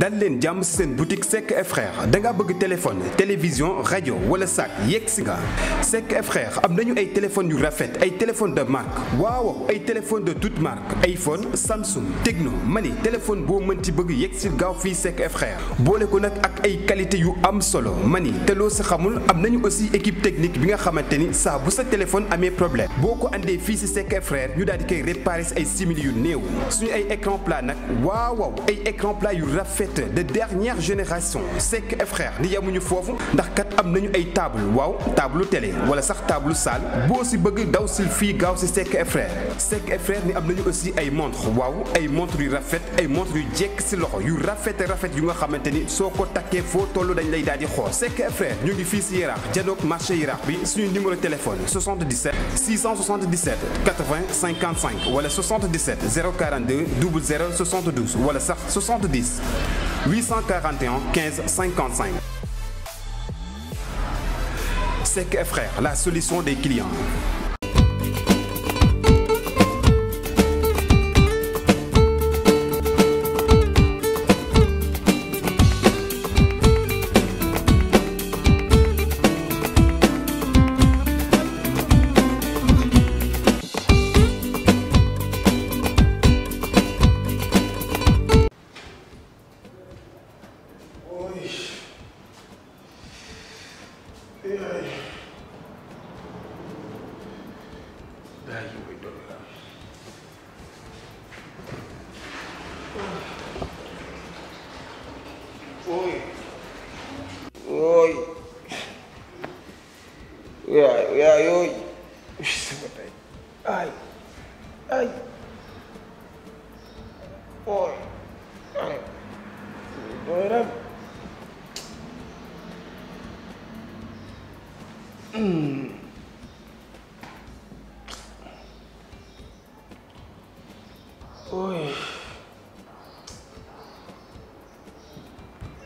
dal leen jàmm si seen boutique Seck et frère da nga bëgg téléphone télévision rajo wala sac yegg si nga Seck et frère am nañu ay téléphones yu rafet ay téléphone de marque waaw ay téléphone de toute marque iPhone Samsung Tecno mani téléphone boo mën ci bëgg yegg si gaaw fii Seck et boole ko nag ak ay qualité yu am solo mani te loo si xamul am nañu aussi équipe technique bi nga xamante ni saa bu sa téléphone amee problème boo ko andee fii si Seck et ñu daal di koy réparer ay simili yu néew suñu ay recettes de dernière génération Seck et frère di yemuñu foofu ndax kat am nañu ay table waaw taablu télé wala sax table salle boo si bëgg daw si fii gaaw si sekk et frère Seck et frère ni am nañu aussi ay montre waaw ay montre yu rafet ay montre yu jekk si loxo yu rafet rafet yu nga xamante ni soo ko takkee foo toll dañ lay daal di xool Seck et frère ñu ngi fii si Yaraax janoog marché Yaraax bi suñu numéro téléphone 77 677 80 55 wala 77 042 00 72 wala sax 70 841 15 55. Sec Frères, la solution des clients. Oi. Oi. Yaay yaay yooyu sama ay ay ooy ay doy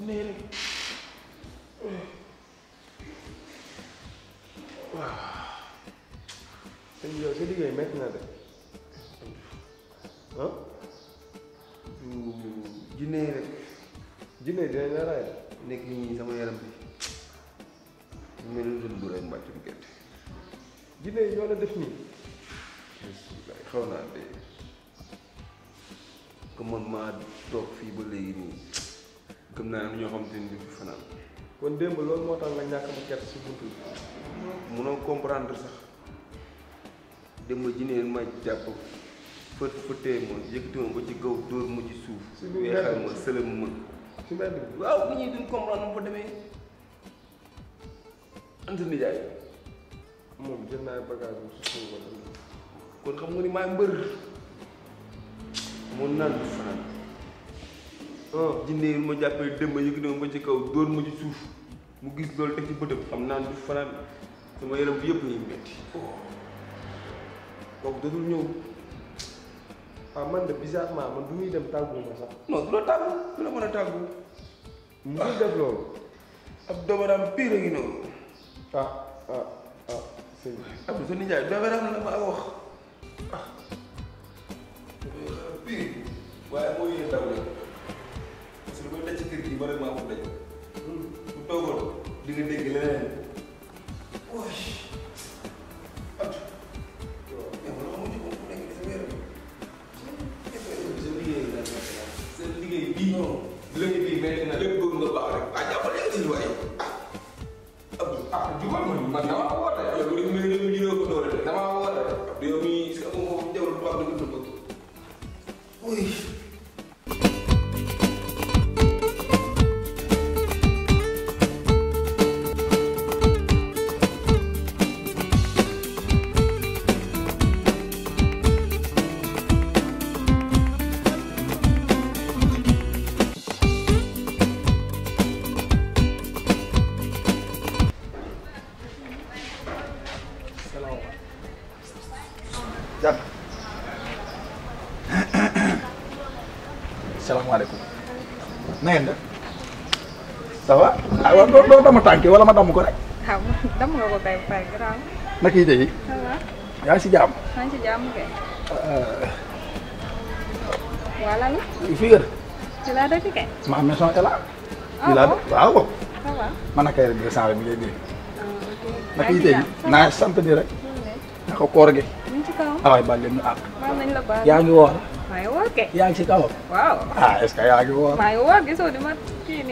néere bi jinne yi rek jinne yi dinañ la nekk nii sama yaram bi mel ni bu rek mbàccum gerte jinne yi ñoo la def nii xaw naa de comme maa toog fii ba léegi nii gëm naa am ñoo xam te fanaan kon démb loolu moo tax nga ñàkk ma gerte si buntu bi munoo ji neen jàpp fët fëtee ma yëkkati ma ba ci kaw dóor ma ci suuf weexal ma sëlëm ma si mbedd bi waaw bu ñuy duñ comprendre mu fa demee anta nijaay moom jël naa bagage kon xam nga ni maay mbër mun naan du fanaan Oh. jinne yi ma jàppee démb yëg na ma ci kaw dóor ma ci suuf mu gis loolu teg ci bëtëm xam naa du fanaan sama yaram bi yëpp ñuy metti oh. kooku dootul ñëw waaw ah, man de dem tàggu ma sax mën a tàggu mu ngi def loolu ah. ab doomaraam pire a noonu sa nijaay doomaraam la ma wax ah pire waaye moo yëe daw la lii ñoom lënd bi métti na lépp bëgg nga baax rek ah jàppale nga si waaye ah. ah jubal ma man damaa woote yow li muy réew mi di ko doole damaa woote yow mii est-ce que moom moom jaww ji tubaab bi dund ko. na ngeen def ça va. ah waaw wala ma damm ko rek. ah damm yi tey. ça va. yaa ngi si jàmm. yaa ngi si jàmm kay. Euh. voilà. fii nga. ci laa dëkk naka yore yi tey naa sant di rek. naka koor gi. ñu ngi ci ah yaa ngi woor. maa ngi woo yaa ngi si kaw. waaw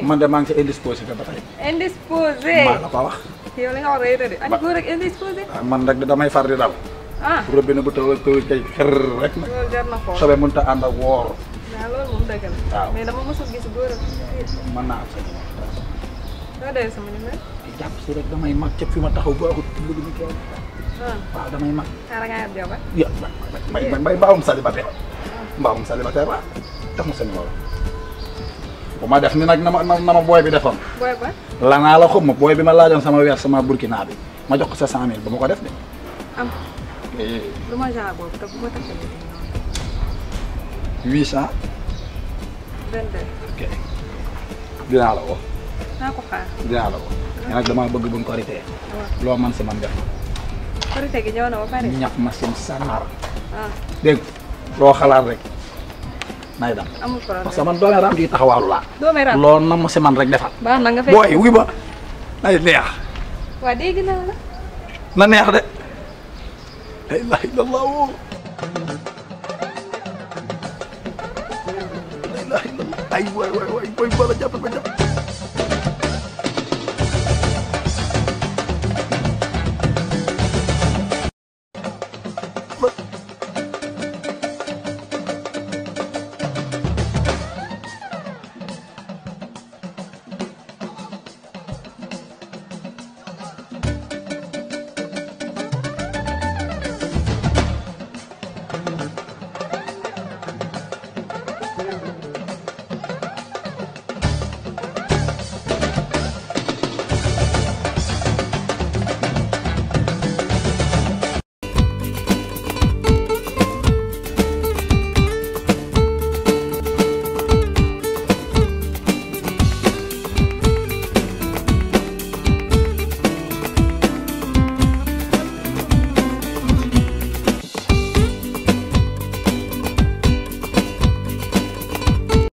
man de maa ngi si ba tey. indisposé maa la ko wax. yow li nga wax rek de. ani góor ak indisposé. man rek damay far di dal. ah robinet bu taw ak taw kay xër rek nag. loolu jar na ko sobe mënut a ànd ak woor. waaw loolu moom dëgg la. waaw mais dama mos a gis góor ak. mën naa am sa numéro. doo sama numéro. jàpp si rek damay mag ca fi ma taxaw baaxut lu mu toll. waaw damay mag. xaaral ngaa yor jaww ba. yàlla may may mbaam célibataire la jox ma sa numéro bu ma def ni nag na ma booy bi defoon. booy lanaa la xub ma booy bi ma laajoon sama weer sama burkina bi ma jox ko sa cent mille ma ko def eh. ma genre boobu te bu ma dinaa la ko xaar dinaa la woo. mais damaa bëgg buñ korité. loo man si man def. korité gi ñëw na ba pare. ñax ma seen sànnaar. Ah. dégg loo xalaat rek nay dam parce que man doomee raam di taxawaalu laa. loo na si man rek defal. baax na nga fay booy ba nay neex. waa dégg naa na neex de. la ilaha illallah